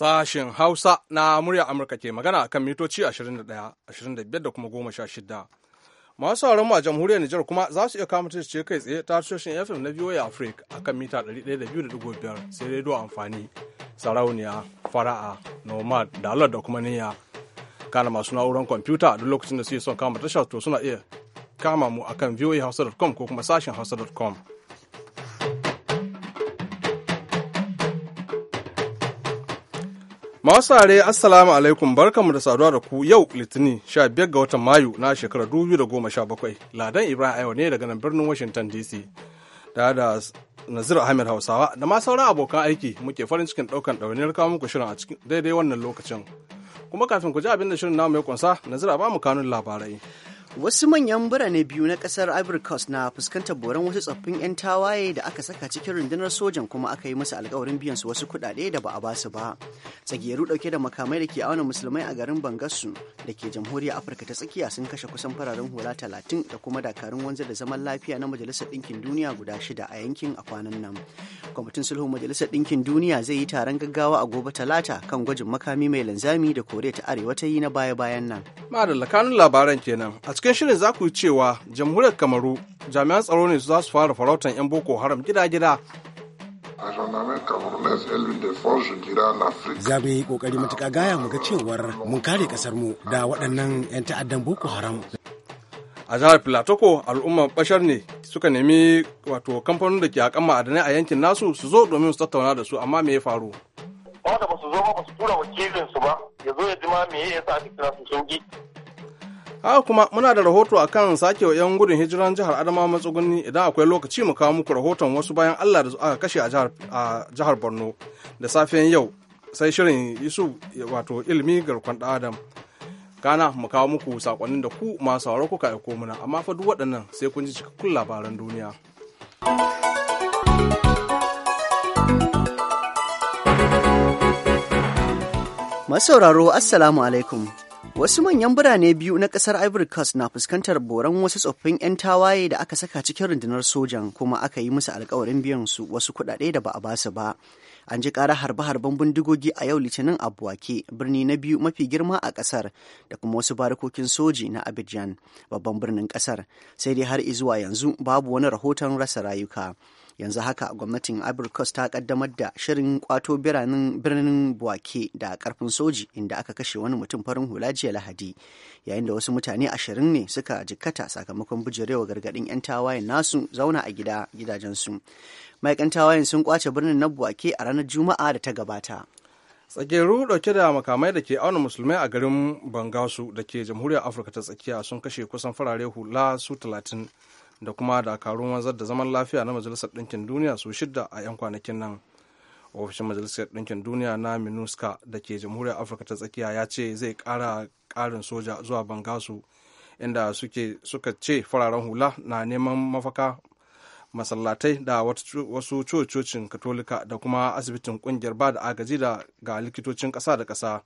Sashen Hausa na murya Amurka ke magana a kan mitoci 21, 25 da kuma 16. Masu sauran a jamhuriyar Nijar kuma za su iya kama ce kai tsaye ta tashoshin FM na VOA Africa kan mita 102.5 sai rediyo amfani, sarauniya, fara'a, nomad, da dalar da kuma niyya. Kana masu na'urar kwamfuta duk lokacin da suke son kama tashar to suna iya kama mu a akan voahausa.com ko kuma sashen hausa.com. masare Assalamu alaikum barkanmu da saduwa da ku yau Litinin 15 ga watan Mayu na shekarar 2017. Ladan Ibrahim Ayo ne daga nan birnin Washington DC. Da da Nazir Ahmed Hausawa da ma sauran abokan aiki muke farin cikin daukan ɗauniyar kawo muku shirin a cikin daidai wannan lokacin. Kuma kafin ku ji abin da shirin namu ya kunsa, Nazir a ba kanun labarai. Wasu manyan birane biyu na kasar Ivory Coast na fuskantar boran wasu tsoffin 'yan tawaye da aka saka cikin rundunar sojan kuma aka yi musu alkawarin biyan su wasu kuɗaɗe da ba a basu ba. Tsagiyaru ɗauke da makamai da ke auna musulmai a garin Bangasu da ke jamhuriyar Afirka ta tsakiya sun kashe kusan fararen hula talatin da kuma dakarun wanzar da zaman lafiya na Majalisar Ɗinkin Duniya guda shida a yankin a kwanan nan. Kwamitin Sulhun Majalisar Ɗinkin Duniya zai yi taron gaggawa a gobe Talata kan gwajin makami mai linzami da Koriya ta Arewa ta yi na baya-bayan nan. Madalla kanun labaran kenan. cikin shirin za ku cewa jamhuriyar kamaru jami'an tsaro ne za su fara farautan 'yan boko haram gida-gida za mu yi kokari matuka gaya mu ga cewar mun kare kasar mu da waɗannan 'yan ta'addan boko haram a jihar filatoko al'ummar bashar ne suka nemi wato kamfanin da ke haƙan ma'adanai a yankin nasu su zo domin su tattauna da su amma me ya faru wanda ba su zo ba ba su tura wakilinsu su ba ya zo ya ji ma me sa a kira su sauki haka kuma muna da rahoto a kan sake yan gudun hijiran jihar adama matsuguni idan akwai lokaci mu kawo muku rahoton wasu bayan allah da aka kashe a jihar borno da safiyan yau sai shirin yusuf wato ilimi garkon ɗan adam kana mu kawo muku sakonnin da ku masu sauraro kuka aiko muna amma fa duk waɗannan sai kun ji cikakkun labaran duniya masauraro assalamu alaikum Wasu manyan birane biyu na ƙasar Ivory Coast na fuskantar boran wasu tsoffin 'yan tawaye da aka saka cikin rundunar sojan kuma aka yi musu alkawarin biyan su wasu kuɗaɗe da ba a basu ba. An ji ƙara harbe-harben bindigogi a yau Litinin Abuwake, birni na biyu mafi girma a ƙasar da kuma wasu barikokin soji na Abidjan, babban birnin ƙasar. Sai dai har izuwa yanzu babu wani rahoton rasa rayuka. yanzu haka gwamnatin Coast ta kaddamar da shirin kwato biranen birnin buwake da karfin soji inda aka kashe wani mutum farin hula jiya lahadi yayin da wasu mutane ashirin ne suka jikkata sakamakon bujirewa gargadin 'yan tawayen nasu zauna a gida gidajensu maikan tawayen sun kwace birnin na buwake a ranar juma'a da ta gabata tsageru dauke da makamai da ke auna musulmai a garin bangasu da ke jamhuriyar afirka ta tsakiya sun kashe kusan farare hula su talatin da kuma dakarun wanzar da zaman lafiya na majalisar ɗinkin duniya su shidda a 'yan kwanakin nan ofishin majalisar ɗinkin duniya na minuska da ke jamhuriyar afirka ta tsakiya ya ce zai ƙara ƙarin soja zuwa bangasu inda suka ce fararen hula na neman mafaka masallatai da wasu cococin katolika da kuma asibitin kungiyar ba da agaji da ga likitocin ƙasa da ƙasa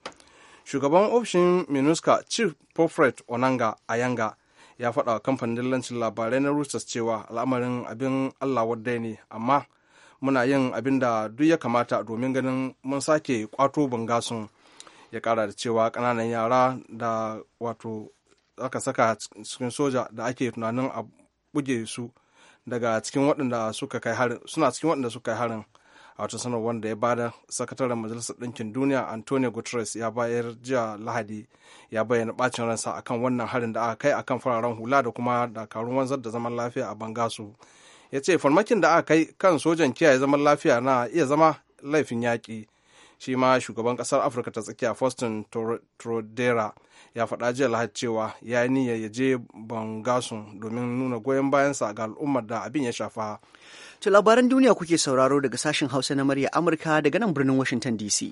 shugaban ofishin minuska chief pofret onanga ayanga ya faɗa wa kamfanin dillancin labarai na Reuters cewa al'amarin abin Allah wadda ne amma muna yin abin da duk ya kamata domin ganin mun sake kwato bungasun ya kara da cewa kananan yara da wato aka saka cikin soja da ake tunanin a buge su daga cikin waɗanda suka kai suna cikin waɗanda suka kai harin a wata sanar wanda ya bada sakataren majalisar ɗinkin duniya antonio guterres ya bayar jiya lahadi ya bayyana bacin ransa akan wannan harin da aka kai akan fararen hula da kuma dakarun wanzar da zaman lafiya a bangasu ya ce farmakin da aka kai kan sojan kiyaye zaman lafiya na iya zama laifin yaƙi shi ma shugaban ƙasar afirka ta tsakiya faustin trodera ya faɗa jiya lahadi cewa ya yi niyyar ya je bangasu domin nuna goyon bayansa ga al'ummar da abin ya shafa To labaran duniya kuke sauraro daga sashen Hausa na murya Amurka daga nan birnin Washington DC.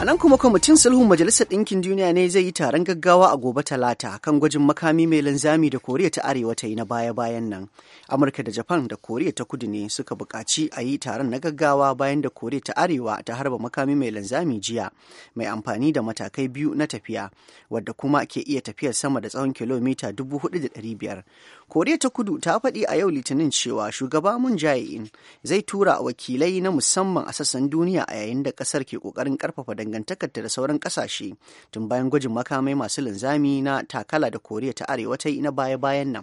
A nan kuma kwamitin sulhun Majalisar Ɗinkin Duniya ne zai yi taron gaggawa a gobe Talata kan gwajin makami mai linzami da Koriya ta Arewa ta yi na baya-bayan nan. Amurka da Japan da Koriya ta Kudu ne suka buƙaci a yi taron na gaggawa bayan da Koriya ta Arewa ta harba makami mai linzami jiya mai amfani da matakai biyu na tafiya wadda kuma ke iya tafiyar sama da tsawon kilomita 4,500. Koriya ta Kudu ta faɗi a yau Litinin cewa shugaba mun jae zai tura wakilai na musamman a sassan duniya a yayin da ƙasar ke ƙoƙarin ƙarfafa dangantakarta da sauran kasashe tun bayan gwajin makamai masu linzami na takala da koriya ta arewa ta yi na baya-bayan nan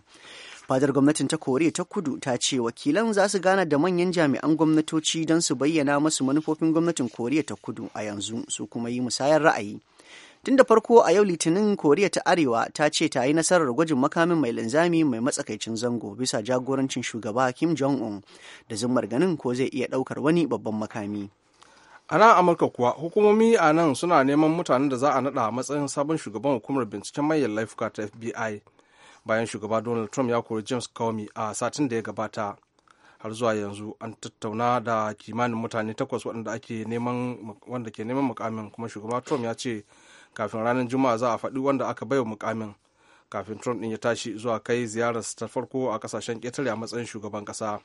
fadar gwamnatin ta koriya ta kudu ta ce wakilan za su gana da manyan jami'an gwamnatoci don su bayyana masu manufofin gwamnatin koriya ta kudu a yanzu su kuma yi musayar ra'ayi tun da farko a yau litinin koriya ta arewa ta ce ta yi nasarar gwajin makamin mai linzami mai matsakaicin zango bisa jagorancin shugaba kim jong-un da zumar ganin ko zai iya daukar wani babban makami a nan amurka kuwa hukumomi a nan suna neman mutanen da za a nada a matsayin sabon shugaban hukumar binciken manyan laifuka ta fbi bayan shugaba donald trump ya kori james comey a satin da ya gabata har zuwa yanzu an tattauna da kimanin mutane takwas waɗanda ake wanda ke neman mukamin kuma shugaba trump ya ce kafin ranar juma'a za a faɗi wanda aka baiwa mukamin kafin trump ɗin ya tashi zuwa kai ziyararsa ta farko a ƙasashen ƙetare a matsayin shugaban ƙasa.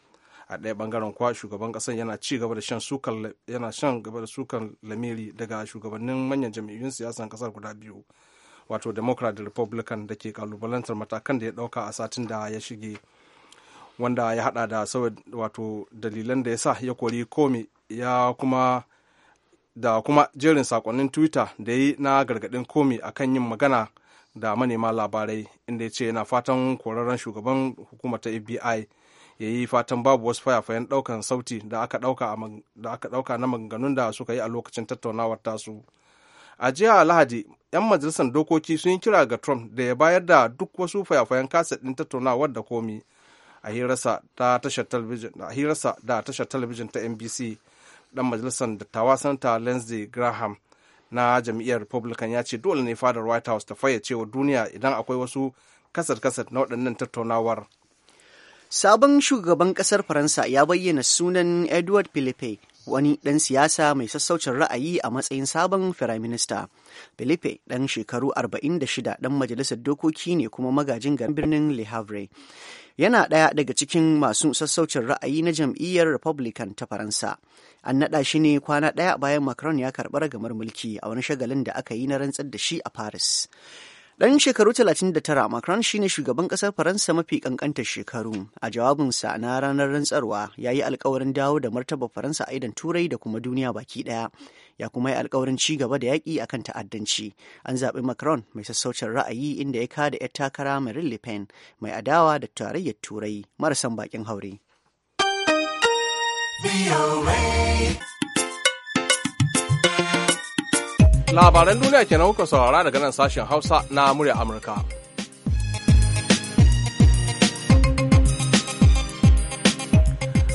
a ɗaya bangaren kuwa shugaban ƙasar yana ci gaba da shan sukan yana shan gaba da sukan lamiri daga shugabannin manyan jam'iyyun siyasan ƙasar guda biyu wato democrat da republican da ke kalubalantar matakan da ya ɗauka a satin da ya shige wanda ya haɗa da wato dalilan da ya sa ya kori komi ya kuma da kuma jerin sakonnin twitter da yi na gargadin komi akan yin magana da manema labarai inda ya ce yana fatan kwararren shugaban hukumar ta fbi ya yi fatan babu wasu fayafayen ɗaukan sauti da aka ɗauka na maganganun da suka yi a lokacin tattaunawar tasu a jiya lahadi 'yan majalisar dokoki sun yi kira ga trump da ya bayar da duk wasu fayafayen kaset ɗin tattaunawar da komi a hirarsa da tashar talabijin ta nbc dan majalisar dattawa sanata lindsey graham na jam'iyyar republican ya ce dole ne fadar white house ta fayyace wa duniya idan akwai wasu kasar-kasar na waɗannan tattaunawar Sabon shugaban kasar Faransa ya bayyana sunan Edward Philippe, wani ɗan siyasa mai sassaucin ra'ayi a matsayin sabon firaminista. Philippe ɗan shekaru 46 ɗan majalisar dokoki ne kuma magajin garin birnin Le Havre. Yana ɗaya daga cikin masu sassaucin ra'ayi na jam'iyyar Republican ta Faransa. An naɗa shi ne kwana ɗaya bayan Macron ya karɓar ragamar mulki a wani shagalin da aka yi na rantsar da shi a Paris. Dan shekaru 39 Macron shine shugaban ƙasar Faransa mafi ƙanƙantar shekaru. A jawabinsa na ranar rantsarwa ya yi alkawarin dawo da martaba Faransa a idan Turai da kuma duniya baki ɗaya. Ya kuma yi alkawarin ci gaba da yaƙi akan ta'addanci. An zaɓi Macron mai sassaucin ra'ayi inda ya kada 'yar takara Marine Le Pen mai adawa da tarayyar Turai marasan bakin haure. Labaran duniya kenan kuka saurara daga nan sashen Hausa na murya Amurka.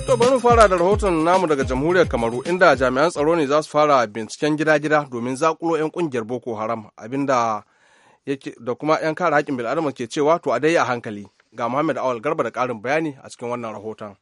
To bari mu fara da rahoton namu daga jamhuriyar Kamaru inda jami'an tsaro ne za su fara binciken gida-gida domin zakulo 'yan kungiyar Boko Haram abinda da kuma 'yan kare haƙƙin bil'adama ke cewa to a dai a hankali. Ga Muhammad Awal Garba da ƙarin bayani a cikin wannan rahoton.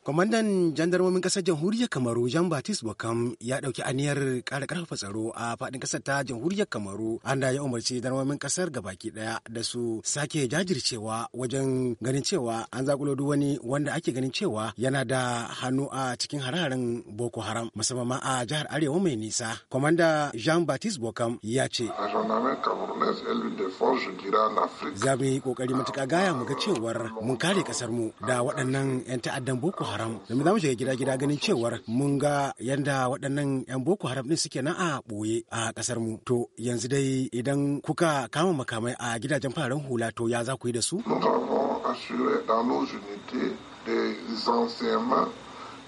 Kwamandan jandarmomin ƙasar jamhuriyar Kamaru Jean Baptiste Bokam ya ɗauki aniyar kara karfafa tsaro a faɗin ƙasar ta jamhuriyar Kamaru anda ya umarci jandarmomin ƙasar gabaki ɗaya da su sake jajircewa wajen ganin cewa an zakulo duk wani wanda ake ganin cewa yana da hannu a cikin hararen Boko Haram musamman ma a jihar Arewa mai nisa. Kwamanda Jean Baptiste Bokam ya ce. Za mu yi ƙoƙari matuƙa gaya mu ga cewar mun kare kasar mu. da waɗannan 'yan ta'addan Boko Haram. Domin za mu shiga gida gida ganin cewar mun ga yanda waɗannan 'yan Boko Haram ɗin suke na a ɓoye a ƙasar mu. To yanzu dai idan kuka kama makamai a gidajen fararen hula to ya za ku yi da su? Nous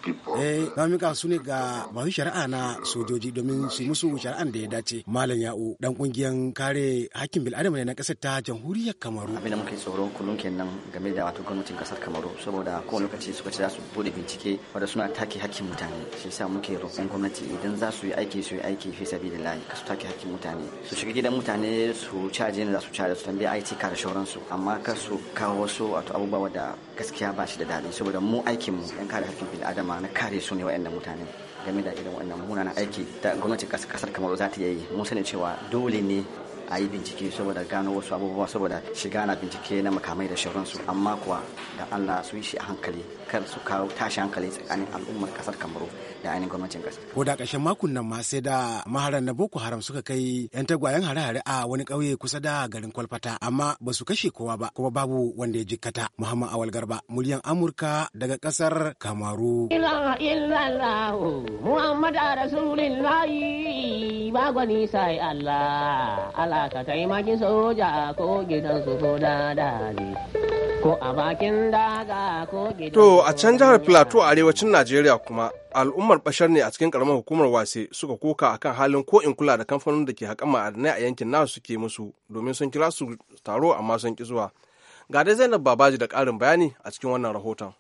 people. Eh, na mika su ne ga masu shari'a na sojoji domin su musu shari'an da ya dace. Malam Ya'u dan kungiyar kare hakkin bil'adama ne na kasar ta jamhuriyar Kamaru. Abin da muka yi tsoro kullum kenan game da wato gwamnatin kasar Kamaru saboda ko lokaci suka ce za su bude bincike wanda suna take hakkin mutane. Shi yasa muke roƙon gwamnati idan za su yi aiki su yi aiki fi sabilillahi ka su take hakkin mutane. Su shiga gidan mutane su caje ne za su caje su tambaye IT ka da su amma kar su kawo wasu wato abubuwa da gaskiya ba shi da daɗi saboda mu aikin mu yan kare hakkin bil'adama ma na kare su ne wa'annan mutane game da irin wannan munanan aiki da gwamnatin kasar kamaru za ta yi mun sani cewa dole ne a yi bincike saboda gano wasu abubuwa saboda shiga na bincike na makamai da shauransu amma kuwa da Allah su yi shi a hankali kar su kawo tashi hankali tsakanin al'ummar kasar Kamaru da ainihin gwamnatin kasar. Ko da ƙarshen makon nan ma sai da maharan na Boko Haram suka kai 'yan tagwayen hare-hare a wani ƙauye kusa da garin Kwalfata amma ba su kashe kowa ba kuma babu wanda ya jikkata. Muhammad Awal Garba muryan Amurka daga kasar Kamaru. Muhammad a Rasulillahi sai Allah. Allah ka taimakin soja ko gidan su ko dadi. Ko a bakin daga ko gidan To a can jihar Plateau a arewacin Najeriya kuma al'ummar bashar ne a cikin karamar hukumar wase suka koka akan halin ko in kula da kamfanin da ke haƙan ma'adanai a yankin nasu suke musu domin sun kira su taro amma sun ki zuwa. Ga dai Zainab Babaji da ƙarin bayani a cikin wannan rahoton.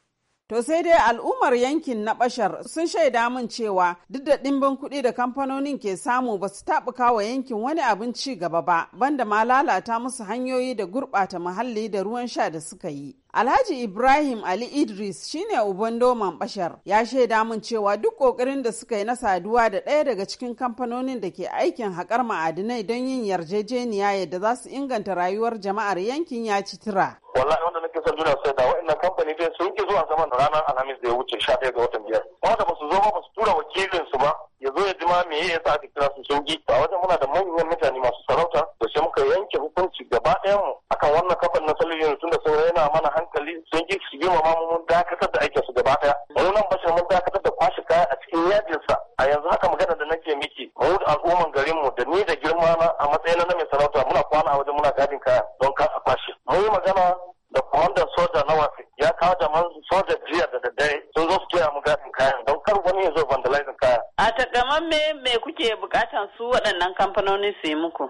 To sai dai al'ummar yankin na bashar sun shaida min cewa duk da ɗimbin kuɗi da kamfanonin ke samu ba su taɓuka wa yankin wani abin ci gaba ba, banda ma lalata musu hanyoyi da gurɓata muhalli da ruwan sha da suka yi. Alhaji Ibrahim Ali Idris shine uban doman bashar ya shaida mun cewa duk kokarin da suka yi na saduwa da ɗaya daga cikin kamfanonin da ke aikin haƙar ma'adinai don yin yarjejeniya yadda za su inganta rayuwar jama'ar yankin ya ci tura. Wallahi wanda nake son juna sai da wa'annan kamfani dai sun ki zuwa zaman ranar Alhamis da ya wuce 11 ga watan biyar. da ba su zo ba ba su tura wakilin su ba ya zo ya jima me yasa ake kira su sauki. A wajen muna da manyan mutane masu sarauta da shi muka yanke hukunci gaba ɗayan mu akan wannan kafan na talabijin rena mana hankali sun ji su girmama mu mun dakatar da aikin su gaba daya nan bashir mun dakatar da kwashi kaya a cikin yajinsa a yanzu haka magana da nake miki mu al'umman garin mu da ni da girma na a matsayin na mai sarauta muna kwana a wajen muna gadin kaya don kasa kwashi mun yi magana da kwandon soja na wasi, ya kawo man soja jiya da daddare sun zo su kira mu gadin kaya, don kar wani ya zo vandalizing kaya. A takamman me me kuke bukatan su waɗannan kamfanoni su yi muku?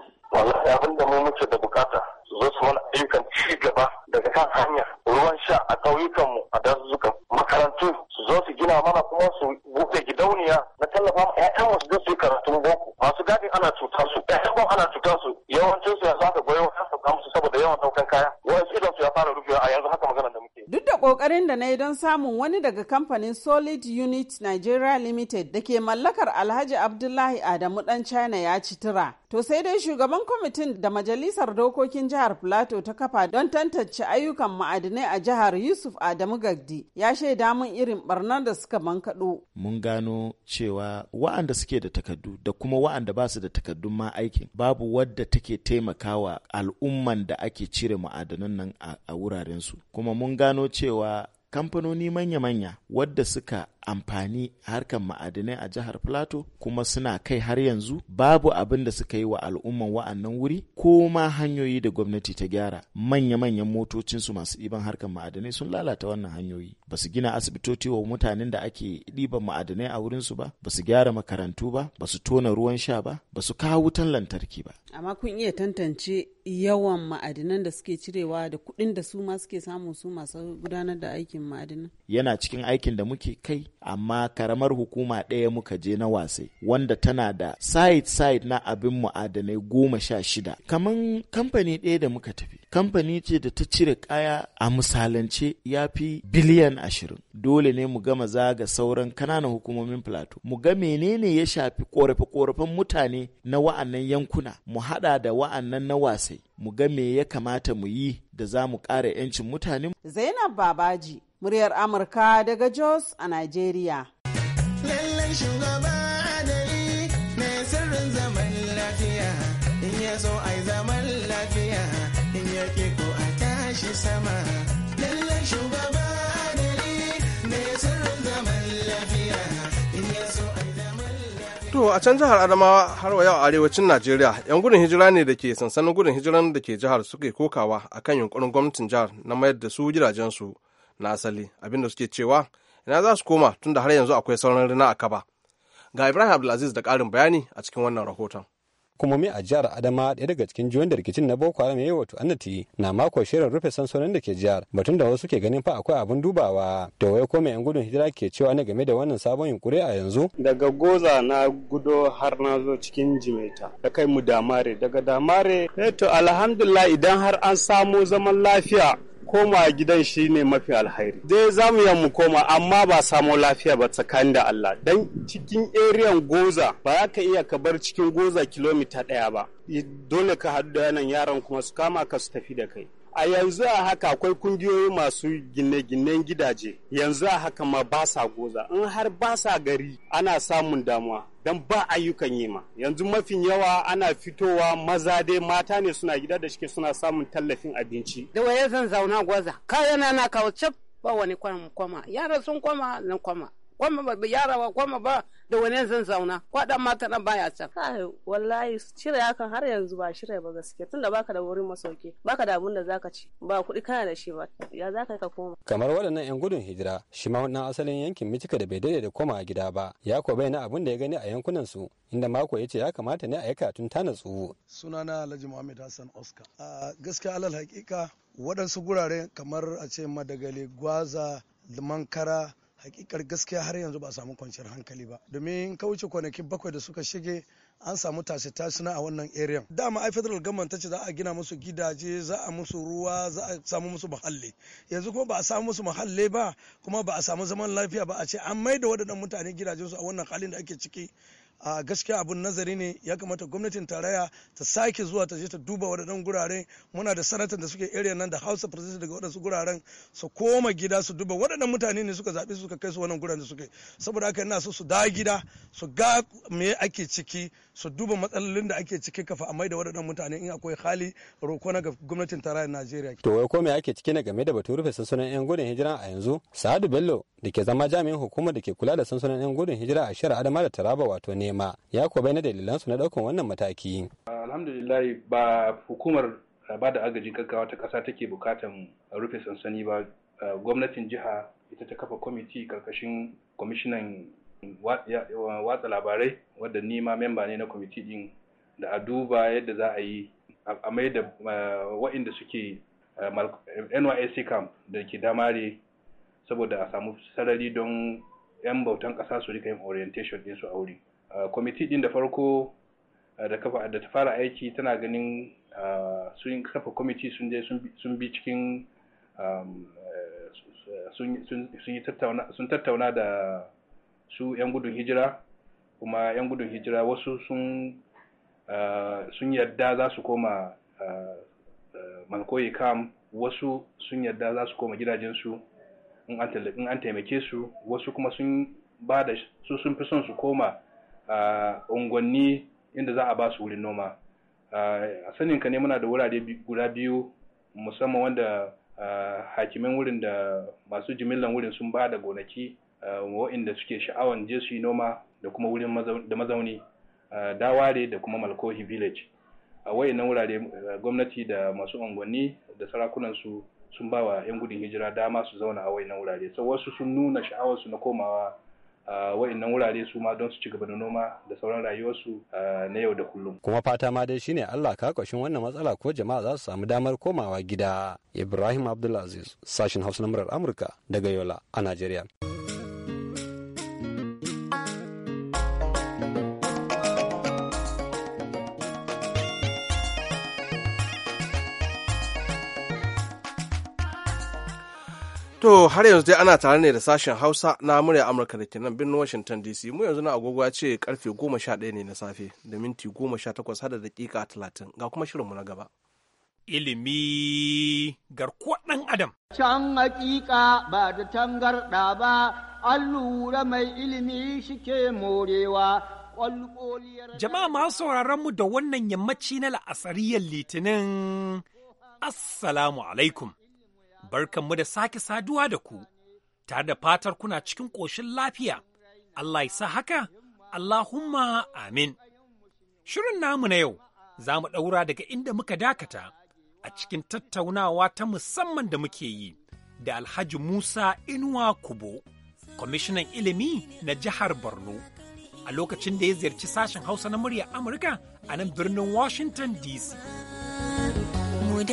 samun wani daga kamfanin Solid Unit Nigeria Limited da ke mallakar Alhaji Abdullahi Adamu dan China ya ci tura. To sai dai shugaban kwamitin da majalisar dokokin jihar Plateau ta kafa don tantance ayyukan ma'adinai a jihar Yusuf Adamu Gagdi ya shaida mun irin barnar da suka bankaɗo. Mun gano cewa wa'anda suke da takardu da kuma wa'anda ba su da takardun ma aikin babu wadda take taimakawa al'umman da ake cire ma'adanan nan a wurarensu. Kuma mun gano cewa kamfanoni manya-manya wadda suka amfani harkar ma'adinai a jihar Plateau kuma suna kai har yanzu babu abin da suka yi wa al'umman wa'annan wuri ko ma hanyoyi da gwamnati ta gyara manya-manyan motocinsu masu ɗiban harkar ma'adinai sun lalata wannan hanyoyi ba su gina asibitoci wa mutanen da ake ɗiban ma'adinai a wurinsu ba ba su gyara makarantu ba ba su tona ruwan sha ba ba su kawo wutan lantarki ba amma kun iya tantance yawan ma'adinan da suke cirewa da kuɗin da su ma suke samu su masu gudanar da aikin ma'adinan yana cikin aikin da muke kai amma karamar hukuma ɗaya muka je na wasai wanda tana da side side na abin ma'adanai goma sha shida kamar kamfani ɗaya da muka tafi kamfani ce da ta cire kaya a misalance ya fi biliyan ashirin dole ne mu gama zaga sauran kananan hukumomin plateau mu ga menene ya shafi korafe-korafen mutane na wa'annan yankuna mu hada da wa'annan na wasai mu ga me ya kamata mu yi da za mu ƙara 'yancin mutane zainab babaji muryar Amurka daga Jos a nigeria. Lallai shugaba ne sirrin To a can jihar Adamawa har wa yau arewacin Najeriya, 'yan gudun hijira ne da ke sansanin gudun hijiran da ke jihar suke kokawa akan yunkurin gwamnatin jihar na mayar da su gidajensu. su. na asali abinda suke cewa ina za su koma tunda har yanzu akwai sauran rina a kaba ga ibrahim abdulaziz da ƙarin bayani a cikin wannan rahoton hukumomi a jihar adama ɗaya daga cikin juyan da rikicin na boko haram ya wato annati na mako shirin rufe sansonin da ke jihar batun da wasu ke ganin fa akwai abin dubawa da wai ko mai yan gudun hijira ke cewa ne game da wannan sabon yunkuri a yanzu daga goza na gudo har na zo cikin jimaita da kai mu damare daga damare eh to alhamdulillah idan har an samu zaman lafiya koma gidan shi ne mafi alhairi dai za mu mu koma amma ba samu lafiya ba tsakanin da Allah dan cikin eriyan goza ba za ka iya ka bar cikin goza kilomita ɗaya ba dole ka haɗu da yanan yaran kuma su kama ka su tafi da kai a yanzu a haka akwai kungiyoyi masu gine-ginen gidaje yanzu a haka ma ba sa goza in har ba sa gari ana samun damuwa don ba ayyukan yi ma yanzu mafin yawa ana fitowa maza dai mata ne suna gida da shike suna samun tallafin abinci da waye zan zauna goza kayana na kawo cif ba wani kwama yara sun kwama nan kwama kwama ba yara ba kwama ba da wani zan zauna ko dan mata nan baya can kai wallahi cire hakan har yanzu ba shirya ba gaske tunda baka da wurin masauki baka da abun da zaka ci ba kuɗi kana da shi ba ya zaka ka koma kamar waɗannan yan gudun hijira shi ma wannan asalin yankin Mitika da bai dade da koma gida ba ya ko na abun da ya gani a yankunan su inda mako ya ce ya kamata ne a yi katun tana natsu sunana Alhaji Muhammad Hassan Oscar a gaskiya alal hakika waɗansu gurare kamar a ce madagali gwaza mankara hakikar gaskiya har yanzu ba a samu kwanciyar hankali ba domin kauce kwanaki bakwai da suka shige an samu tashe tashina a wannan area dama ai federal government ta ce za a gina musu gidaje za a musu ruwa za a samu musu muhalli yanzu kuma ba a samu musu muhalli ba kuma ba a samu zaman lafiya ba a ce an maida waɗannan mutane gidajensu a wannan halin da ake ciki a gaskiya abun nazari ne ya kamata gwamnatin tarayya ta sake zuwa ta je ta duba waɗannan gurare muna da sanatan da suke area nan da hausa president daga waɗansu guraren su koma gida su duba waɗannan mutane ne suka zaɓi suka kai su wannan guraren da suke saboda haka ina so su da gida su ga me ake ciki su duba matsalolin da ake ciki kafa a da waɗannan mutane in akwai hali roko na gwamnatin tarayyar Najeriya. To wai ko me ake ciki ne game da batun rufe sansunan 'yan gudun hijira a yanzu? Sa'adu Bello da ke zama jami'in hukumar da ke kula da sansunan 'yan gudun hijira a shirar Adama da Taraba wato ne nema ya ko na dalilansu na daukan wannan mataki alhamdulillah ba hukumar eh, ba da agajin gaggawa ta kasa take bukatan rufe sansani ba eh, gwamnatin jiha ita ta kafa kwamiti karkashin kwamishinan watsa labarai wadda memba ne na kwamiti din da a duba yadda za a yi a mai da eh, wa'inda suke nysc camp da ke damare saboda a samu sarari don 'yan bautan ƙasa su rika yin orientation su a wuri. kwamiti din da farko da ta fara aiki tana ganin sun kafa kwamiti sun je sun bi cikin eh, sun tattauna da su 'yan gudun hijira kuma 'yan gudun hijira wasu sun yadda za su koma malkoyi kam wasu sun yadda za su koma gidajensu in an taimake su wasu kuma sun ba da su sun fi son su koma unguwanni inda za a ba su wurin noma a sanin ka ne muna da wurare guda biyu musamman wanda hakimin wurin da masu jimillan wurin sun ba da gonaki wa'inda suke sha'awan je su yi noma da kuma wurin da mazauni daware da kuma malkohi village a wayannan wurare gwamnati da masu unguwanni da sarakunansu sun ba wa 'yan gudun hijira dama su zauna a wayannan wurare sau wasu sun nuna sha'awarsu na komawa wa'annan wurare su ma don su ci gaba da noma da sauran rayuwarsu na yau da kullum. Kuma fata ma dai shine Allah ka kwashin wannan matsala ko jama'a za su samu damar komawa gida. Ibrahim Abdulaziz, sashin Hausa na murar Amurka daga Yola a nigeria. To har yanzu dai ana tare ne da sashen Hausa na murya Amurka da ke nan birnin Washington DC. Mu yanzu na agogo ce karfe ɗaya ne na safe da minti 18 har da dakika 30 ga kuma shirinmu na gaba. Ilimi garkuwar ɗan Adam. Can hakika ba da tangarɗa ba, allura mai ilimi shike morewa Jama'a masu sauraron mu da wannan yammaci na la'asariyar litinin Assalamu alaikum. barkanmu da sake saduwa da ku, tare da fatar kuna cikin ƙoshin lafiya, Allah sa haka, Allahumma amin. Shirin namu na yau za mu ɗaura daga inda muka dakata a cikin tattaunawa ta musamman da muke yi da Alhaji Musa Inuwa Kubo, kwamishinan ilimi na jihar Borno, a lokacin da ya ziyarci sashen Hausa na murya Amurka a nan birnin Washington DC. ba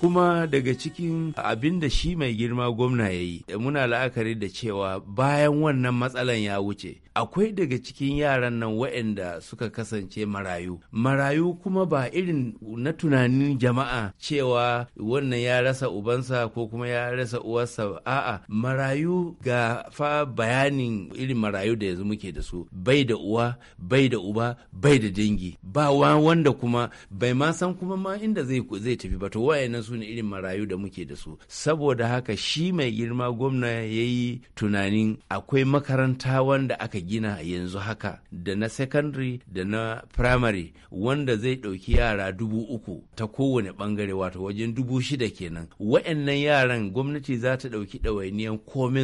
Kuma daga cikin abin da shi mai girma gwamna ya yi, muna la'akari da cewa bayan wannan matsalan ya wuce, akwai daga cikin yaran nan waɗanda suka kasance marayu marayu kuma ba irin na tunanin jama'a cewa wannan ya rasa ubansa ko kuma ya rasa uwarsa a'a marayu ga fa bayanin irin marayu da yanzu muke da su bai da uwa bai da uba bai da dangi ba wa wanda kuma bai ma san kuma ma inda zai zai tafi ba to wayannan su ne irin marayu da muke da su saboda haka shi mai girma gwamna yayi tunanin akwai makaranta wanda aka aka gina yanzu haka da na secondary da na primary wanda zai ɗauki yara dubu uku ta kowane ɓangare wato wajen dubu shida kenan wa'annan yaran gwamnati za ta ɗauki ɗawainiyan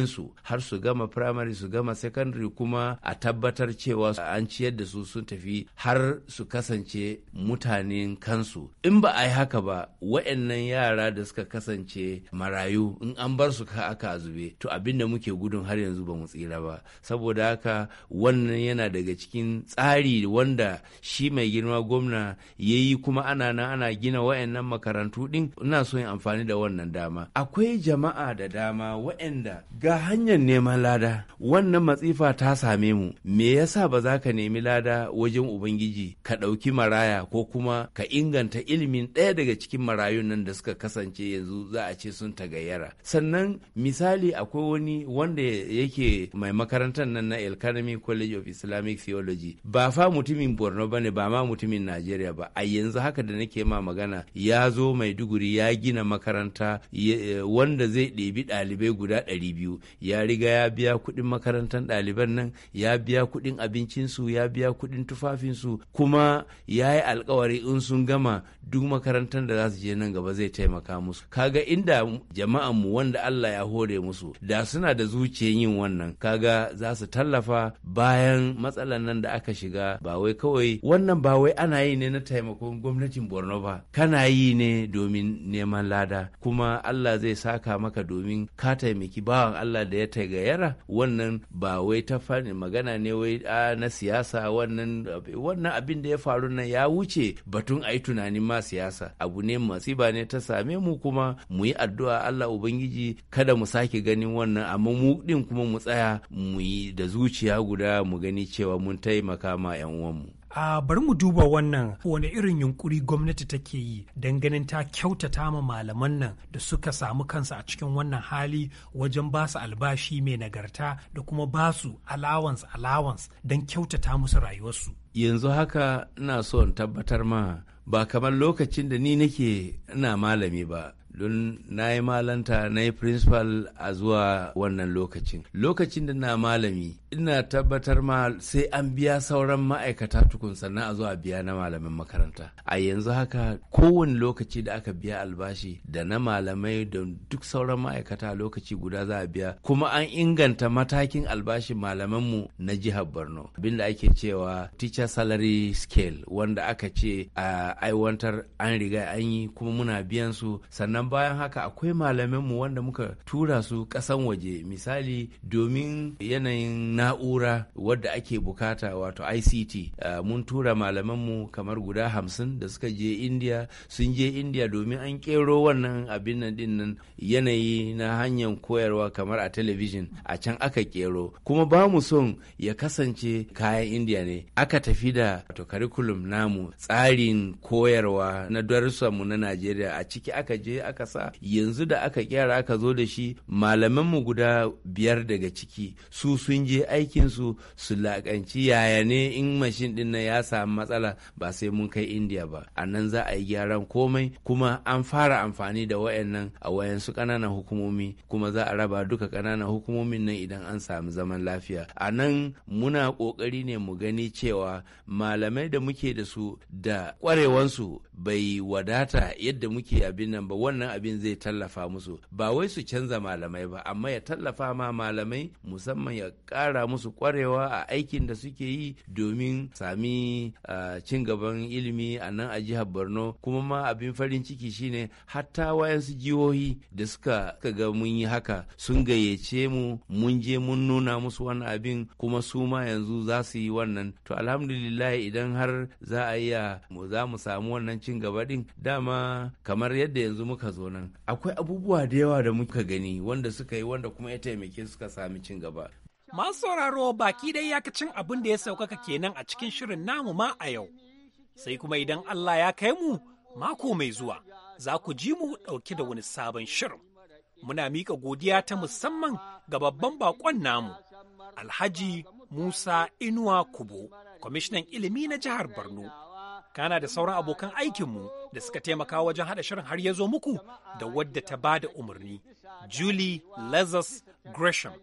su har su gama primary su gama secondary kuma a tabbatar cewa an ciyar da su sun tafi har su kasance mutanen kansu in ba a yi haka ba wa'annan yara da suka kasance marayu in an bar su ka aka zube to abinda muke gudun har yanzu ba mu tsira ba saboda haka wannan yana daga cikin tsari wanda shi mai girma gwamna ya yi kuma ana nan ana gina wayannan makarantu din ina so yin amfani da wannan dama akwai jama'a da dama wayanda ga hanyar neman lada wannan matsifa ta same mu me yasa ba za ka nemi lada wajen ubangiji ka ɗauki maraya ko kuma ka inganta ilimin ɗaya daga cikin marayun nan da suka kasance yanzu za a ce sun tagayyara sannan misali akwai wani wanda yake mai makarantar nan na elkan Academy College of Islamic Theology ba fa mutumin Borno ba ne ba ma mutumin Najeriya ba a yanzu haka da nake ma magana ya zo Maiduguri ya gina makaranta eh, wanda zai ɗebi ɗalibai guda ɗari biyu ya riga ya biya kuɗin makarantar ɗaliban nan ya biya kuɗin abincinsu ya biya kuɗin tufafinsu kuma ya yi alkawari in sun gama duk makarantar da za su je nan gaba zai taimaka musu kaga inda jama'anmu wanda Allah ya hore musu da suna da zuciyar yin wannan kaga za su tallafa bayan matsalan nan da aka shiga ba wai kawai wannan ba wai ana yi ne na taimakon gwamnatin borno ba kana yi ne domin neman lada kuma allah zai saka maka domin ka taimaki bawan allah da ya taigayara. wannan ba wai ta fani magana ne wai na siyasa wannan abin da ya faru nan ya wuce batun a yi tunanin ma siyasa abu ne masiba ne ta same mu kuma mu yi addu'a allah ubangiji kada mu sake ganin wannan amma mu din kuma mu tsaya mu yi da zuciya guda guda mu gani cewa mun taimaka ma 'yan uwanmu. a bari mu duba wannan wani irin yunkuri gwamnati take yi ganin ta kyautata ma malaman nan da suka samu kansa a cikin wannan hali wajen ba su albashi mai nagarta da kuma ba su allowance allowance don kyautata musu rayuwarsu yanzu haka ina so in tabbatar ma ba kamar lokacin da ni nake ina malami ba don na yi malanta na yi principal a zuwa wannan lokacin lokacin da na malami ina tabbatar ma sai an biya sauran ma'aikata tukun sannan a zuwa biya na malamin makaranta a yanzu haka kowane lokaci da aka biya albashi da na malamai da duk sauran ma'aikata lokaci guda za a biya kuma an inganta matakin albashi malamanmu na jihar borno abin da ake cewa teacher salary scale wanda aka ce a aiwantar an riga an yi kuma muna biyan su sannan bayan haka akwai malamanmu wanda muka tura su kasan waje misali domin yanayin na'ura wadda ake bukata wato ict uh, eh, mun tura malamanmu kamar guda hamsin da suka je india sun je india domin an kero wannan abin nan din nan yanayi na hanyar koyarwa kamar a talabijin a can aka kero kuma ba mu son ya kasance kayan india ne aka tafi da wato curriculum namu tsarin koyarwa na mu na najeriya a ciki aka je aka aka sa yanzu da aka gyara aka zo da shi malamanmu guda biyar daga ciki su sun je aikinsu su laƙanci yaya ne in mashin ɗin na ya samu matsala ba sai mun kai indiya ba a nan za a yi gyaran komai kuma an fara amfani da wayannan a wayansu ƙananan hukumomi kuma za a raba duka ƙananan hukumomin nan idan an samu zaman lafiya a nan muna ƙoƙari ne mu gani cewa malamai da muke da su da ƙwarewansu bai wadata yadda muke abin nan ba wannan wannan abin zai tallafa musu ba wai su canza malamai ba amma ya tallafa ma malamai musamman ya kara musu kwarewa a aikin da suke yi domin sami cin gaban ilimi a nan a jihar borno kuma ma abin farin ciki shine hatta wayansu jihohi da suka ga mun yi haka sun gayyace mu mun je mun nuna musu wannan abin kuma su ma yanzu za su yi wannan to alhamdulillah idan har za a iya za mu samu wannan cin gaba din dama kamar yadda yanzu muka zo nan akwai abubuwa da yawa da muka gani wanda suka yi wanda kuma ya taimake suka sami cin gaba masu sauraro baki dai ya cin abin da ya saukaka kenan a cikin shirin namu ma a yau sai kuma idan Allah ya kai mu mako mai zuwa za ku ji mu ɗauki da wani sabon shirin muna mika godiya ta musamman ga babban bakon namu alhaji musa inuwa kubo kwamishinan ilimi na jihar borno kana da sauran abokan aikinmu da suka taimaka wajen hada shirin har ya zo muku da wadda ta ba da umarni Julie Lazarus Gresham.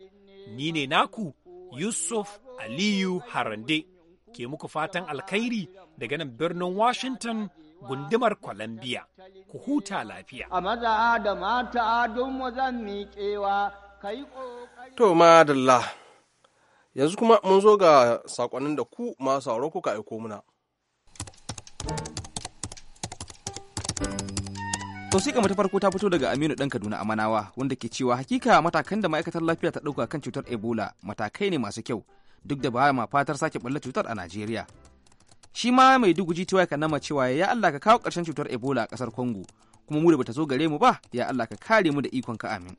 Ni ne naku Yusuf Aliyu Harande ke muku fatan alkhairi daga nan birnin Washington gundumar Columbia. Ku huta lafiya. A maza da mata don miƙewa kai To madalla, yanzu kuma mun zo ga saƙonnin da ku masu sauro kuka aiko muna. To sai kamar ta farko ta fito daga Aminu ɗan Kaduna Amanawa wanda ke cewa hakika matakan da ma'aikatar lafiya ta ɗauka kan cutar Ebola matakai ne masu kyau duk da ba ma fatar sake ɓalla cutar a Najeriya. Shi ma mai duguji ta ka nama cewa ya Allah ka kawo ƙarshen cutar Ebola a ƙasar Congo kuma mu da bata zo gare mu ba ya Allah ka kare mu da ikon ka amin.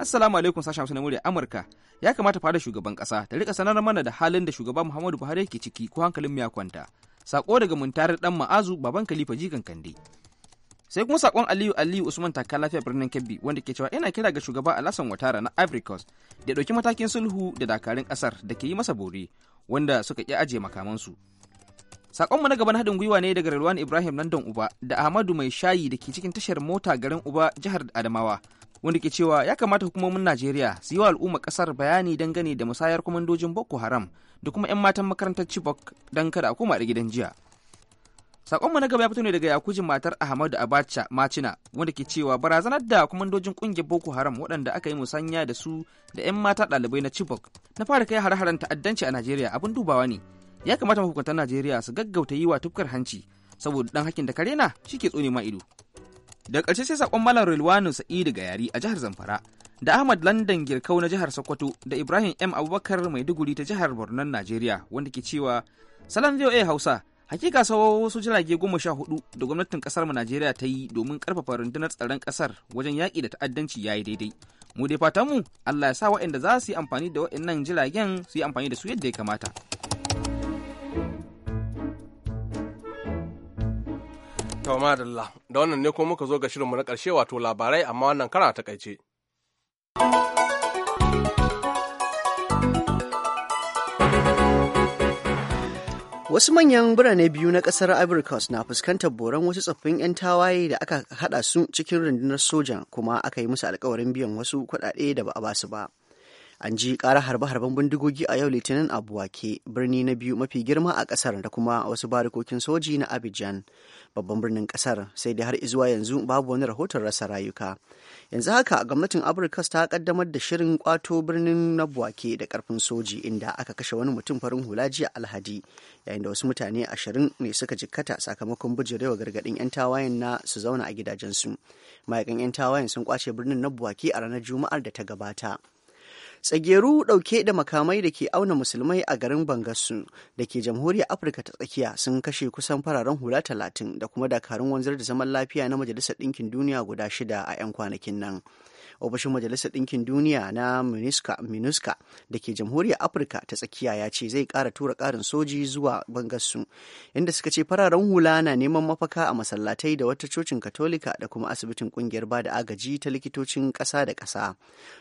Assalamu alaikum sashen Hausa na murya Amurka ya kamata fara shugaban ƙasa ta rika sanar mana da halin da shugaban Muhammadu Buhari ke ciki ko hankalin mu ya kwanta. Sako daga tare dan ma'azu baban kalifa Jikan Kande. sai kuma sakon aliyu aliyu usman taka lafiya birnin kebbi wanda ke cewa yana kira ga shugaba alasan watara na ivory coast da ya ɗauki matakin sulhu da dakarun kasar da ke yi masa bore wanda suka ƙi ajiye makamansu sakonmu na gaban haɗin gwiwa ne daga rilwan ibrahim london uba da ahmadu mai shayi da ke cikin tashar mota garin uba jihar adamawa wanda ke cewa ya kamata hukumomin najeriya su yi wa al'umma kasar bayani dangane da musayar kwamandojin boko haram da kuma 'yan matan makarantar chibok don kada a koma da gidan jiya Sakonmu na gaba ya fito ne daga yakujin matar Ahmadu Abacha Macina wanda ke cewa barazanar da kwamandojin kungiyar Boko Haram waɗanda aka yi musanya da su da 'yan mata ɗalibai na Chibok na fara kai har-haren ta'addanci a Najeriya abin dubawa ne. Ya kamata mahukuntan Najeriya su gaggauta yi wa tufkar hanci saboda dan hakkin da karena shi ke tsone ma ido. Da ƙarshe sai sakon Malam Rilwanu Sa'idu yari a jihar Zamfara da Ahmad London Girkau na jihar Sokoto da Ibrahim M Abubakar Maiduguri ta jihar Borno Najeriya wanda ke cewa Salam VOA Hausa hakika sau wasu jirage goma sha hudu da gwamnatin kasar mu najeriya ta yi domin karfafa rundunar tsaron kasar wajen yaƙi da ta'addanci yayi daidai mu dai fatan mu allah ya sa waɗanda za su yi amfani da waɗannan jiragen su yi amfani da su yadda ya kamata Tawama da wannan ne ko muka zo ga shirinmu na ƙarshe wato labarai amma wannan kara ta takaice. Wasu manyan birane biyu na kasar Ivory Coast na fuskantar boron wasu tsoffin 'yan tawaye da aka hada su cikin rundunar soja kuma aka yi musu alkawarin biyan wasu kuɗaɗe da ba a basu ba. an ji ƙara harbe-harben bindigogi a yau litinin a buwake birni na biyu mafi girma a ƙasar da kuma wasu barikokin soji na abijan babban birnin ƙasar sai dai har izuwa yanzu babu wani rahoton rasa rayuka yanzu haka gwamnatin amurka ta kaddamar da shirin kwato birnin na buwake da karfin soji inda aka kashe wani mutum farin hula jiya alhadi yayin da wasu mutane ashirin ne suka jikkata sakamakon bijirewa gargadin 'yan tawayen na su zauna a gidajensu ma'aikan 'yan tawayen sun kwace birnin na buwake a ranar juma'ar da ta gabata tsageru ɗauke da makamai da ke auna musulmai a garin bangasu da ke jamhuriyar afirka ta tsakiya sun kashe kusan fararen hula talatin da kuma dakarun wanzar da zaman lafiya na majalisar ɗinkin duniya guda shida a 'yan kwanakin nan ofishin majalisar ɗinkin duniya na minuska minuska da ke jamhuriyar afirka ta tsakiya ya ce zai ƙara tura ƙarin soji zuwa bangasu inda suka ce fararen hula na neman mafaka a masallatai da wata cocin katolika da kuma asibitin ƙungiyar ba da agaji ta likitocin ƙasa da ƙasa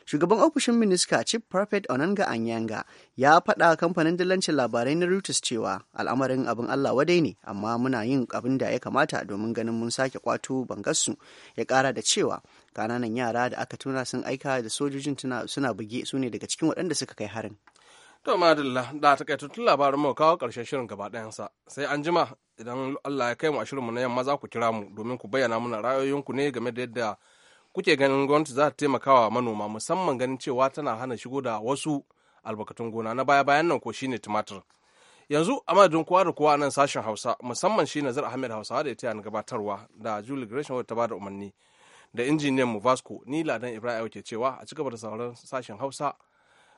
shugaban ofishin minusca chief prophet onanga anyanga ya faɗa kamfanin dillancin labarai na reuters cewa al'amarin abin allah wadai ne amma muna yin abin da ya kamata domin ganin mun sake kwato bangarsu ya ƙara da cewa kananan yara da aka tuna sun aika da sojojin suna buge su ne daga cikin waɗanda suka kai harin to madalla da takaitattun labarin mu kawo karshen shirin gaba ɗayansa sai an jima idan Allah ya kai mu a shirinmu na yamma za ku kira mu domin ku bayyana mana ku ne game da yadda kuke ganin gwamnati za ta taimaka manoma musamman ganin cewa tana hana shigo da wasu albarkatun gona na baya bayan nan ko shine tumatir yanzu a madadin kowa da kowa nan sashen hausa musamman shi nazar ahmed hausawa da ya taya gabatarwa da julie gresham ta ba da umarni da injiniyan mu vasco ni ladan ibrahim ke cewa a cigaba da sauran sashen hausa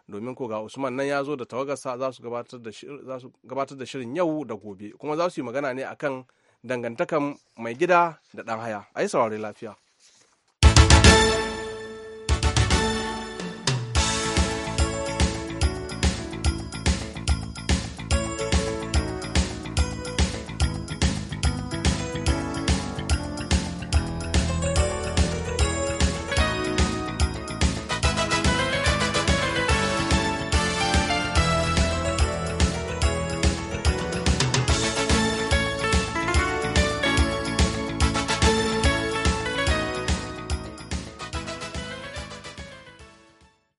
domin ko ga usman nan ya zo da tawagarsa za su gabatar da shirin yau da gobe kuma za su yi magana ne akan dangantakan mai gida da dan haya a yi saurari lafiya